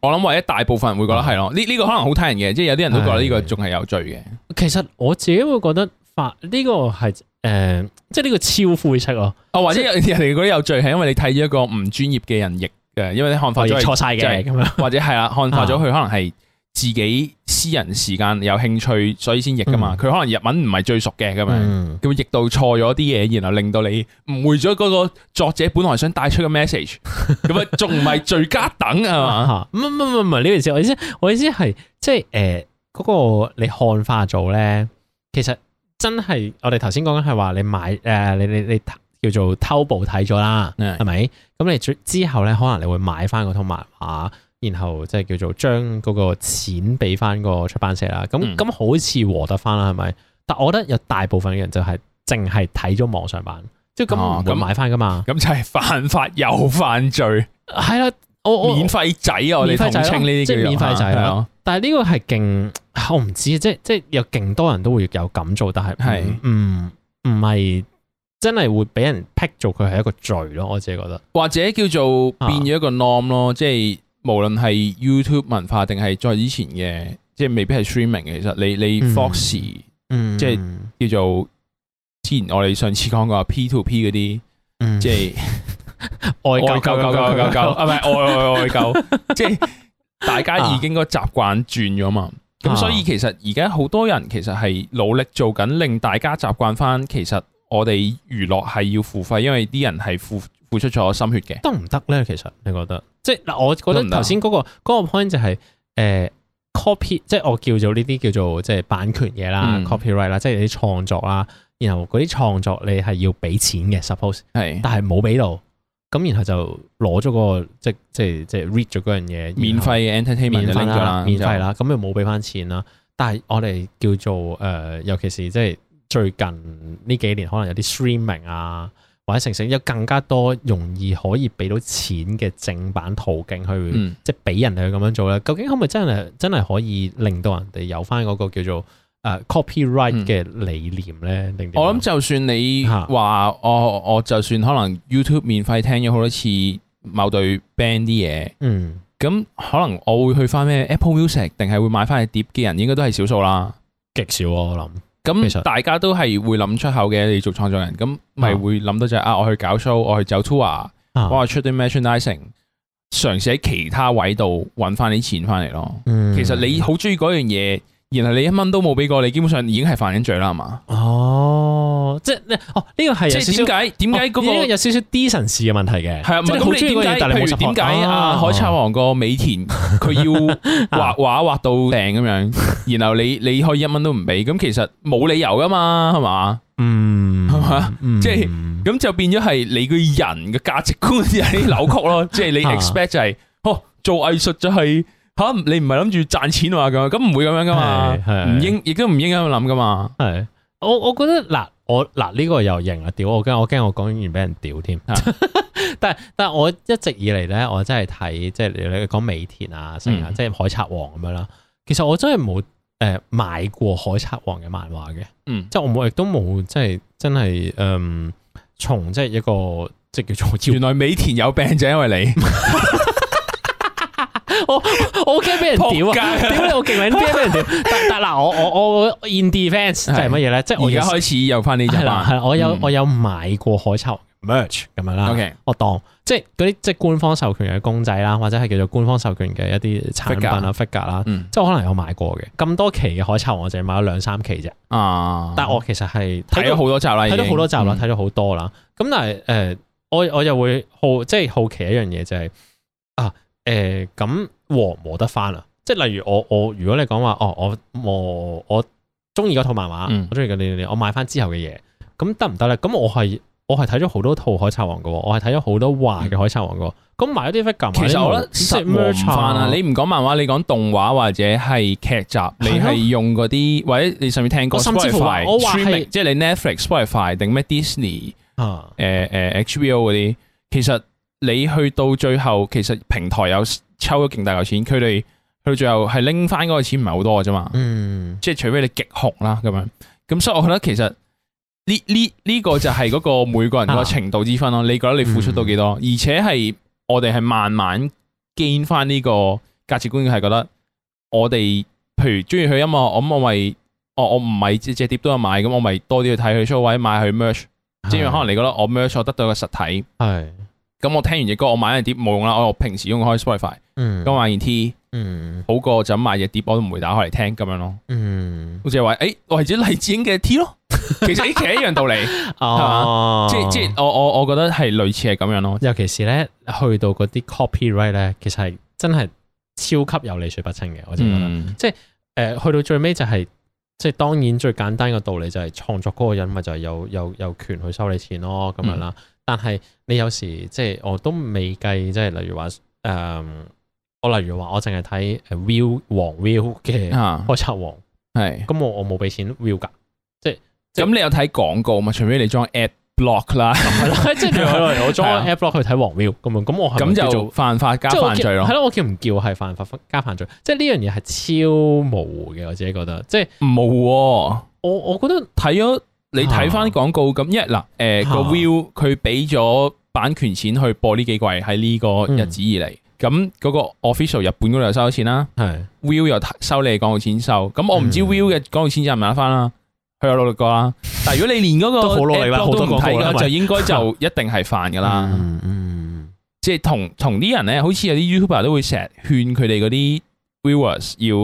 我諗，或者大部分人會覺得係咯，呢呢、嗯這個可能好睇人嘅，即係有啲人都覺得呢個仲係有罪嘅。其實我自己會覺得法呢、這個係誒、呃，即係呢個超灰色咯。哦，或者有啲人覺得有罪係因為你睇咗一個唔專業嘅人譯嘅，因為漢化錯晒嘅，咁樣或者係啦漢化咗佢可能係。嗯自己私人時間有興趣，所以先譯㗎嘛。佢可能日文唔係最熟嘅，咁樣佢譯到錯咗啲嘢，然後令到你誤會咗嗰個作者本來想帶出嘅 message，咁啊仲唔係最佳等啊嘛吓？唔唔唔唔，呢件事我意思，我意思係即係誒，嗰、就是呃這個你漢化組咧，其實真係我哋頭先講緊係話你買誒，你你你叫做偷步睇咗啦，係咪的？咁你、嗯、之後咧可能你會買返嗰套漫畫。然後即係叫做將嗰個錢俾翻個出版社啦，咁咁、嗯、好似和得翻啦，係咪？但我覺得有大部分嘅人就係淨係睇咗網上版，即係咁咁唔買翻噶嘛，咁、啊、就係犯法又犯罪，係啦、啊，我免費仔，我哋統稱呢啲叫做免費仔，但係呢個係勁，我唔知，即係即係有勁多人都會有咁做，但係係，嗯，唔係的、嗯、真係會俾人劈做佢係一個罪咯，我自己覺得，或者叫做變咗一個 norm 咯、啊，即係。無論係 YouTube 文化定係再之前嘅，即係未必係 streaming 其實你你 Fox、嗯、即係叫做之前我哋上次講過 P to P 嗰啲，嗯、即係外狗，教狗，教狗， <laughs> 啊，唔係外外外即係大家已經個習慣轉咗嘛，咁、啊、所以其實而家好多人其實係努力做緊令大家習慣翻，其實我哋娛樂係要付費，因為啲人係付。付出咗心血嘅，得唔得咧？其實你覺得，即嗱，我覺得頭先嗰個 point 就係、是，誒、呃、copy，即我叫做呢啲叫做即版權嘢啦、嗯、copyright 啦，即有啲創作啦，然後嗰啲創作你係要俾錢嘅，suppose，是但係冇俾到，咁然後就攞咗、個即即即 read 咗嗰樣嘢，免費 entertainment 啦，免費啦，咁又冇俾翻錢啦。但係我哋叫做誒、呃，尤其是即最近呢幾年可能有啲 streaming 啊。或者成成有更加多容易可以俾到錢嘅正版途徑去，嗯、即係俾人哋去咁樣做咧。究竟可唔可以真係真係可以令到人哋有翻嗰個叫做誒 copyright 嘅理念咧？我諗就算你話、啊、我，我就算可能 YouTube 免費聽咗好多次某隊 band 啲嘢，咁、嗯、可能我會去翻咩 Apple Music，定係會買翻去碟嘅人，應該都係少數啦，極少、啊、我諗。咁其大家都係會諗出口嘅，你做創作人，咁咪會諗到就係、啊，啊，我去搞 show，我去走 tour，我出啲 merchandise，嘗試喺其他位度搵翻啲錢翻嚟咯。嗯、其實你好中意嗰樣嘢，然後你一蚊都冇俾過，你基本上已經係犯緊罪啦，係嘛？哦。即係哦，呢個係有點解？點解咁有少少 D 神士嘅問題嘅。係啊，唔係好中意嘅。但係你冇學啊。點解啊？海賊王個美田佢要畫畫畫到靚咁樣，然後你你可以一蚊都唔俾咁，其實冇理由噶嘛，係嘛？嗯，係嘛？即係咁就變咗係你個人嘅價值觀有啲扭曲咯。即係你 expect 就係做藝術就係吓，你唔係諗住賺錢啊咁，咁唔會咁樣噶嘛？唔應亦都唔應該咁諗噶嘛？係我我覺得嗱。我嗱呢，這個又型啦，屌，我驚我驚我講完俾人屌添是的， <laughs> 但係但係我一直以嚟咧，我真係睇即係你講美田啊，成日，即係海賊王咁樣啦。其實我真係冇誒買過海賊王嘅漫畫嘅，嗯即，即係我冇亦都冇即係真係誒從即係一個即叫做原來美田有病咋，因為你。我驚俾人屌啊！屌你我勁揾，邊俾人屌？但但嗱，我我我 in defense 即係乜嘢咧？即係而家開始有翻呢隻，係係我有我有買過海賊 merch 咁樣啦。我當即係嗰啲即係官方授權嘅公仔啦，或者係叫做官方授權嘅一啲產品啊、figure 啦，即係我可能有買過嘅。咁多期嘅海賊王，我凈係買咗兩三期啫。啊！但我其實係睇咗好多集啦，睇咗好多集啦，睇咗好多啦。咁但係誒，我我又會好即係好奇一樣嘢就係啊誒咁。磨得翻啦、啊！即係例如我我如果你講話哦我我我中意嗰套漫畫，嗯、我中意嗰你。我買翻之後嘅嘢，咁得唔得咧？咁我係我係睇咗好多套海賊王噶，我係睇咗好多話嘅海賊王噶，咁買咗啲 figure。其實我咧食咩飯啊？你唔講漫畫，你講動畫或者係劇集，你係用嗰啲或者你上面聽歌，甚至乎我話係即係你 Netflix、Spotify 定咩 Disney、誒誒 HBO 嗰啲，其實。你去到最後，其實平台有抽咗勁大嚿錢，佢哋去到最後係拎翻嗰個錢唔係好多嘅啫嘛。嗯，即係除非你極紅啦咁樣。咁所以我覺得其實呢呢呢個就係嗰個每個人個程度之分咯。啊、你覺得你付出到幾多？嗯、而且係我哋係慢慢見翻呢個價值觀，係覺得我哋譬如中意佢音樂，我咁我咪，我我唔係隻隻碟都有買，咁我咪多啲去睇佢 show 或者買佢 merch，的即係可能你覺得我 merch 我得到個實體係。咁我聽完隻歌，我買隻碟冇用啦，我平時用開 Spotify 咁買完 T，、嗯、好過就咁買隻碟，我都唔會打開嚟聽咁樣咯。嗯，好似話誒、或、欸、者黎智英嘅 T 咯， <laughs> 其實其實一樣道理，即即、 <laughs> 哦就是就是、我我我覺得係類似係咁樣咯。尤其是咧，去到嗰啲 copyright 咧，其實係真係超級有理說不清嘅。我淨得，嗯、即誒、呃、去到最尾就係、是，即當然最簡單嘅道理就係創作嗰個人咪就係有有有權去收你錢咯，咁樣啦。嗯但係你有時即係我都未計，即係例如話誒、呃，我例如話我淨係睇 Will 黃 Will 嘅，啊、我炒黃係咁我我冇俾錢 Will 噶，即係咁、嗯、即你有睇廣告嘛？除非你裝 Ad Block 啦， <laughs> 啊、即係我我裝 Ad Block 去睇黃 Will 咁樣，咁我咁就做犯法加犯罪咯。係咯、啊，我叫唔叫係犯法加犯罪？即係呢樣嘢係超模糊嘅，我自己覺得即係唔模糊喎。我、啊、我覺得睇咗。你睇翻啲廣告咁，一嗱，誒個 View 佢俾咗版權錢去播呢幾季喺呢個日子以嚟，咁嗰個 official 日本嗰度又收咗錢啦，Will 又收你廣告錢收，咁我唔知 Will 嘅廣告錢就係咪得翻啦，佢有努力過啦，但係如果你連嗰個都好努力都唔睇嘅，就應該就一定係犯噶啦，嗯，即係同同啲人咧，好似有啲 YouTuber 都會成日勸佢哋嗰啲 Viewers 要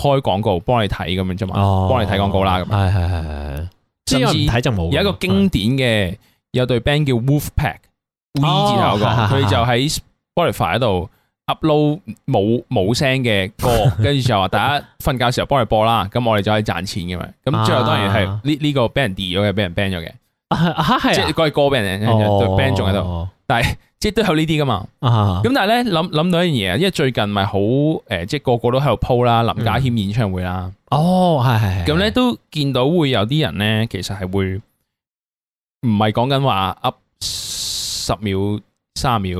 開廣告幫你睇咁樣啫嘛，幫你睇廣告啦，咁係係係係。有一個經典嘅有隊 band 叫 Wolfpack，V 字頭個，佢就喺 Spotify 度 upload 冇冇聲嘅歌，跟住就話大家瞓覺時候幫佢播啦，咁我哋就可以賺錢咁樣。咁最後當然係呢呢個俾人 delete 咗嘅，俾人 ban 咗嘅。啊，即係嗰歌俾人 ban 但 band 仲喺度，但係。即係都有呢啲噶嘛，咁、啊、但係咧諗諗到一樣嘢啊，因為最近咪好誒，即係個個都喺度 po 啦，林家謙演唱會啦，嗯、哦係係，咁咧都見到會有啲人咧，其實係會唔係講緊話 up 十秒、三秒、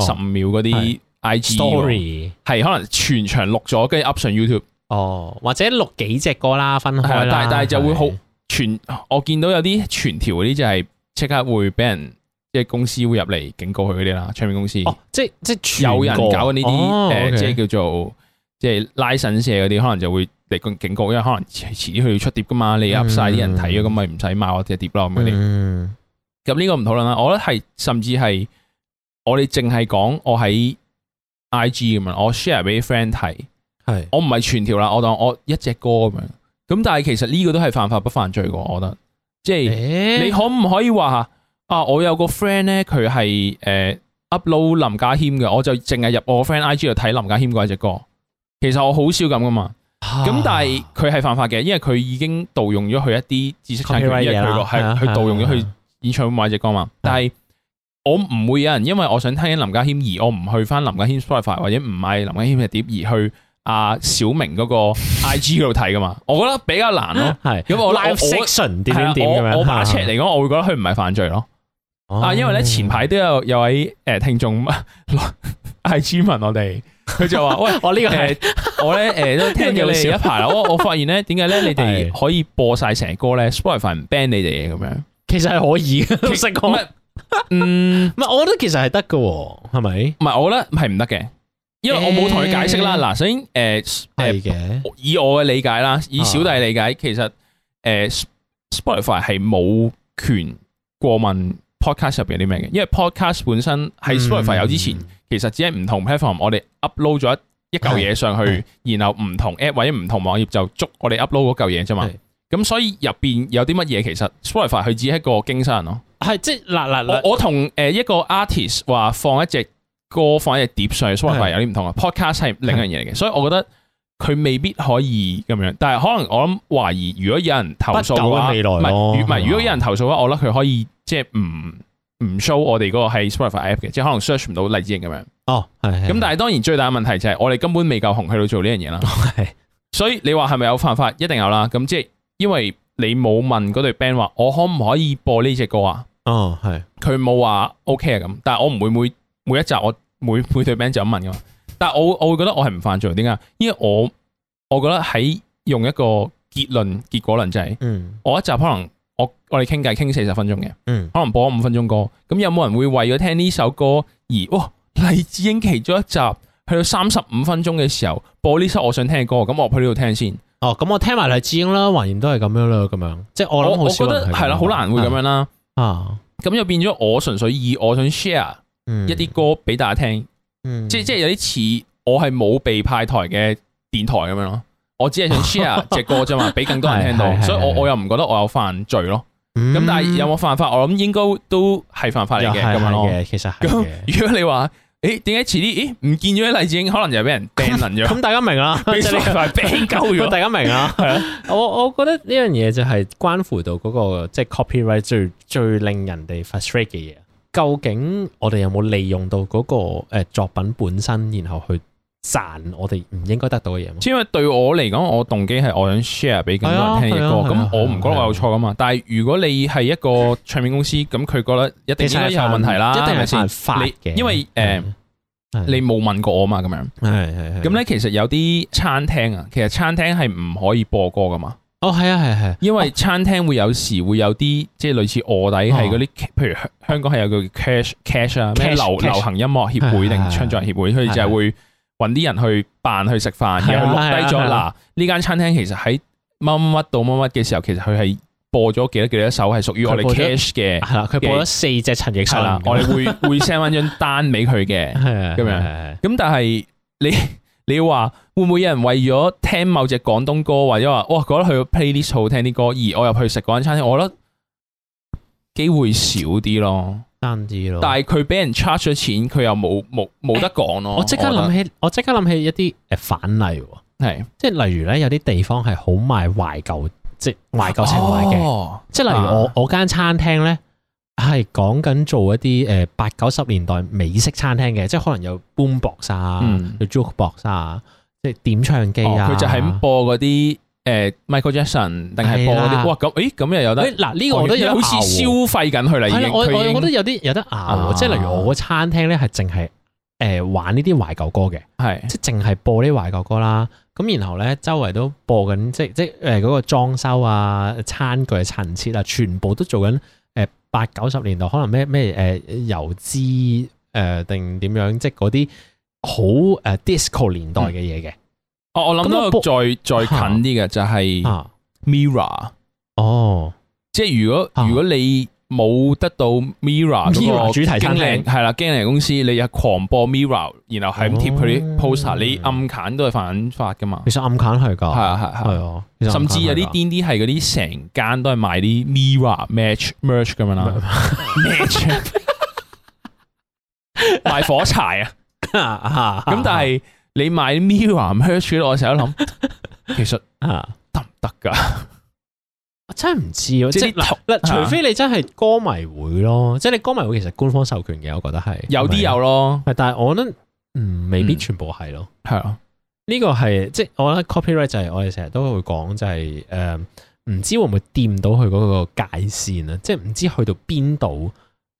十五、哦、秒嗰啲 I G story，係可能全場錄咗，跟住 up 上 YouTube，哦或者錄幾隻歌啦，分開，但係但係就會好是是全，我見到有啲全條嗰啲就係即刻會俾人。即係公司會入嚟警告佢嗰啲啦，唱片公司。哦，即係即係有人搞呢啲誒，即係叫做即係拉神社嗰啲，可能就會嚟警告，因為可能遲啲佢要出碟噶嘛，你入晒啲人睇咁咪唔使買我隻碟咯咁啲。咁呢、嗯、個唔討論啦，我覺得係甚至係我哋淨係講我喺 I G 咁樣，是我 share 俾啲 friend 睇，係我唔係全條啦，我當我一隻歌咁樣。咁但係其實呢個都係犯法不犯罪噶，我覺得。即係、欸、你可唔可以話我有個 friend 咧，佢係誒 upload 林家謙嘅，我就淨係入我 friend IG 度睇林家謙嗰隻歌。其實我好少咁噶嘛，咁、啊、但係佢係犯法嘅，因為佢已經盜用咗佢一啲知識產權，因為佢個盜用咗佢演唱會買隻歌嘛。是的 但係我唔會有人因為我想聽，聽林家謙而我唔去翻林家謙 Spotify 或者唔買林家謙隻碟而去阿小明嗰個 IG 度睇噶嘛。我覺得比較難咯，係咁我我我我把 check 嚟講，我會覺得佢唔係犯罪咯。啊，因為咧前排都有有位誒聽眾 IG 問我哋，佢就話喂、啊這個呃，我呢個係我咧誒都聽咗你小一排，我、啊、我發現咧點解咧你哋可以播晒成歌咧？Spotify 唔 ban 你哋咁樣，其實係可以嘅，都識講。嗯，唔係，我覺得其實係得嘅，係咪？唔係，我覺得係唔得嘅，因為我冇同佢解釋啦。嗱、啊，首先誒係嘅，呃、的以我嘅理解啦，以小弟理解，其實誒、啊、Spotify 係冇權過問。Podcast 入邊有啲咩嘅？因為 Podcast 本身喺 Spotify 有之前，其實只係唔同 platform，我哋 upload 咗一一嚿嘢上去，然後唔同 app 或者唔同網頁就捉我哋 upload 嗰嚿嘢啫嘛。咁所以入邊有啲乜嘢？其實 Spotify 佢只係一個經商人咯。係即嗱嗱嗱，我同誒一個 artist 話放一隻歌，放一隻碟上去，Spotify 有啲唔同啊。Podcast 係另一樣嘢嚟嘅，所以我覺得佢未必可以咁樣。但係可能我諗懷疑，如果有人投訴嘅話，唔係如果有人投訴嘅話，我覺得佢可以。即係唔唔 show 我哋嗰個係 Spotify app 嘅，即係可能 search 唔到勵志鷹咁樣。哦，係。咁但係當然最大嘅問題就係我哋根本未夠紅去到做呢樣嘢啦。係。係係。所以你話係咪有犯法？一定有啦。咁即係因為你冇問嗰對 band 話我可唔可以播呢隻歌啊？哦，係。佢冇話 OK 啊咁，但係我唔會每每一集我每每對 band 就咁問噶嘛。但我我會覺得我係唔犯罪，點解？因為我我覺得喺用一個結論結果論就係，嗯，我一集可能。我我哋傾偈傾四十分鐘嘅，嗯，可能播五分鐘歌，咁有冇人會為咗聽呢首歌而，哇！黎智英其中一集去到三十五分鐘嘅時候播呢首我想聽嘅歌，咁我去呢度聽先。哦，咁我聽埋黎智英啦，還然都係咁樣啦，咁樣，即係我諗我，我覺得係啦，好難會咁樣啦。啊、嗯、咁、嗯、又變咗我純粹以我想 share 一啲歌俾大家聽，嗯嗯、即係即係有啲似我係冇被派台嘅電台咁樣咯。我只係想 share 隻歌啫嘛，俾更多人聽到， <laughs> 是是是所以我我又唔覺得我有犯罪咯。咁、嗯、但係有冇犯法？我諗應該都係犯法嘅咁是樣嘅。其實係如果你話誒，點解遲啲咦，唔見咗？啲、欸、例子，可能又係俾人 ban 咗。咁 <laughs> 大家明啦，俾人俾鳩咗，大家明啦。我我覺得呢樣嘢就係關乎到嗰、那個即係、就是、copyright 最最令人哋 frustrate 嘅嘢。究竟我哋有冇利用到嗰個誒作品本身，然後去，賺我哋唔應該得到嘅嘢，因為對我嚟講，我動機係我想 share 俾更多人聽嘅歌，咁我唔覺得我有錯噶嘛。但係如果你係一個唱片公司，咁佢覺得一定有問題啦，一定係犯法嘅。因為誒，你冇問過我嘛，咁樣。係係咁咧，其實有啲餐廳啊，其實餐廳係唔可以播歌噶嘛。哦，係啊，係係。因為餐廳會有時會有啲即係類似臥底，係嗰啲，譬如香港係有個叫 Cash Cash 啊，咩流流行音樂協會定創作協會，佢哋就係會。搵啲人去扮去食飯，嘅。然後錄低咗。嗱，呢間餐廳其實喺乜乜到乜乜嘅時候，其實佢係播咗幾多幾多首係屬於我哋 cash 嘅。係啦，佢播咗四隻陳奕迅。我哋會會 send 翻張單俾佢嘅。係啊，咁樣。咁但係你你話會唔會有人為咗聽某隻廣東歌，或者話哇覺得佢 play 啲好聽啲歌，而我入去食嗰間餐廳，我覺得機會少啲咯。但係佢俾人 charge 咗錢，佢又冇冇冇得講咯、欸。我即刻諗起，我即刻諗起一啲誒、呃、反例，係是即係例如咧，有啲地方係好賣懷舊，即係懷舊情懷嘅。哦、即係例如我、啊、我間餐廳咧係講緊做一啲誒八九十年代美式餐廳嘅，即係可能有 boombox，嗯、有 jukebox，即係點唱機啊，佢、嗯哦、就係咁播嗰啲。誒、欸、，Michael Jackson 定係播啲的哇？咁誒，咁又有得嗱？呢、這個我覺得好似消費緊佢啦。我我覺得有啲有得熬喎。啊、即係例如我餐廳咧，係淨係誒玩呢啲懷舊歌嘅，係是的 即係淨係播呢懷舊歌啦。咁然後咧，周圍都播緊，即即誒嗰、呃那個裝修啊、餐具陳設啊，全部都做緊誒八九十年代可能咩咩誒油脂誒定點樣，即係嗰啲好誒 disco 年代嘅嘢嘅。嗯哦，我諗到再再近啲嘅就係 Mirror 哦，即係如果如果你冇得到 Mirror 咁嘅，係啦，驚人公司你又狂播 Mirror，然後係咁貼佢啲 poster，你暗砍都係犯法噶嘛？其實暗砍係噶，係啊係啊，甚至有啲癲啲係嗰啲成間都係賣啲 Mirror Match Merch 咁樣啦，Match 賣火柴啊，咁但係。你買 MIRROR，我成日諗，其實啊得唔得噶？ <laughs> 我真係唔知，即係是、啊、除非你真係歌迷會咯，即係你歌迷會其實官方授權嘅，我覺得係是有啲有咯，但係我覺得嗯未必全部係咯，係咯、嗯，呢個係即係我覺得 copyright 就係、是、我哋成日都會講就係誒唔知會唔會掂到佢嗰個界線啊，即係唔知去到邊度。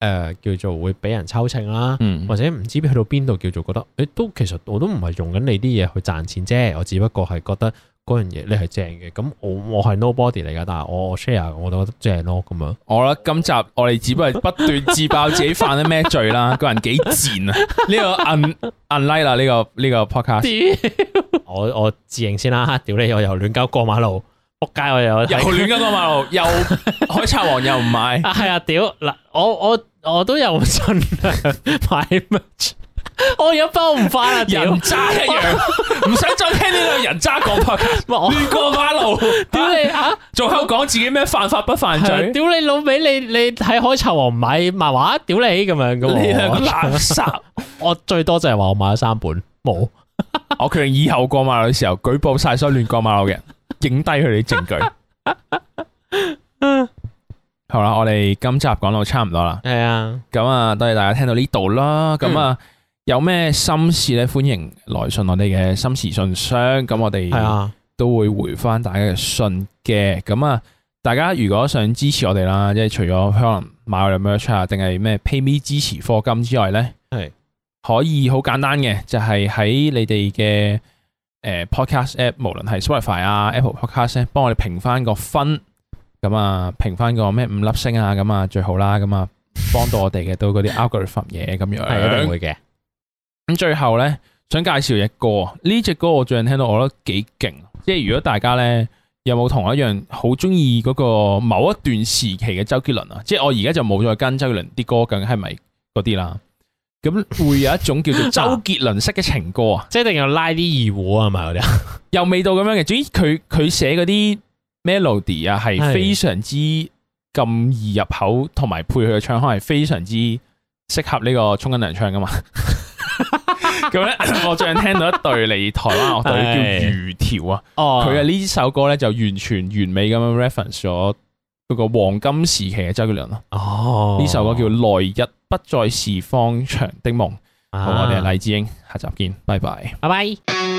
誒、呃、叫做會俾人抽秤啦，mm hmm. 或者唔知去到邊度叫做覺得誒都其實我都唔係用緊你啲嘢去賺錢啫，我只不過係覺得嗰樣嘢你係正嘅，咁我我係 nobody 嚟噶，但係我，我 share 我都覺得正咯，咁樣。我覺得今集我哋只不過係不斷自爆自己犯咗咩罪啦， <laughs> 個人幾賤啊！呢、這個 un, unlight 啦，呢、這個呢、這個 podcast。 <laughs> <laughs> 我我自認先啦，屌你！我又亂交過馬路，仆街！我又又亂交過馬路，又海賊王又唔買 <laughs> 啊！係、欸、 <laughs> 啊！屌、啊、嗱，我我。我都有信啊，買乜？我而家包唔翻啦，人,人渣一樣，唔哇想再聽呢兩個人渣講白。亂 <laughs> 過馬路，屌你吓！仲喺度講自己咩犯法不犯罪？啊、屌你老味！你你喺海賊王唔買漫畫，屌你咁樣，你兩個垃圾！我,我最多就係話我買咗三本，冇。我決定以後過馬路嘅時候舉報晒所有亂過馬路嘅人，影低佢哋啲證據。 <laughs> 好啦，我哋今集講到差唔多啦。係啊，咁啊、嗯，多謝大家聽到呢度啦。咁、嗯、啊、嗯，有咩心事咧？歡迎來信我哋嘅心事信箱。咁我哋啊，都會回翻大家嘅信嘅。咁、嗯、啊，嗯、大家如果想支持我哋啦，即係除咗可能買我哋 Merch 啊、er,，定係咩 PayMe 支持課金之外咧，係是可以好簡單嘅，就係、是、喺你哋嘅誒 Podcast App，無論係 Spotify 啊、Apple Podcast 咧，幫我哋評翻個分。咁啊，評翻個咩五粒星啊，咁啊最好啦，啊，咁啊幫到我哋嘅到嗰啲 algorithm 嘢，咁樣係一定會嘅。咁 <laughs> 最後咧，想介紹一個呢隻歌，歌我最近聽到我覺得幾勁。即係如果大家咧有冇同一樣好中意嗰個某一段時期嘅周杰倫啊？即係我而家就冇再跟周杰倫啲歌，究竟係咪嗰啲啦？咁會有一種叫做周杰倫 <laughs> 式嘅情歌啊，即係一定要拉啲二胡啊，係咪嗰啲啊？又味道咁樣嘅，總之佢佢寫嗰啲。Melody 啊，係非常之咁易入口，同埋的配佢嘅唱腔係非常之適合呢個沖緊涼唱噶嘛。咁咧，我最近聽到一對嚟台灣樂隊叫魚條啊，佢嘅呢首歌咧就完全完美咁樣 reference 咗嗰個黃金時期嘅周杰倫啊。哦，呢首歌叫《來日不再是方長的》的夢，好，我哋係黎智英，下集見，拜拜，拜拜。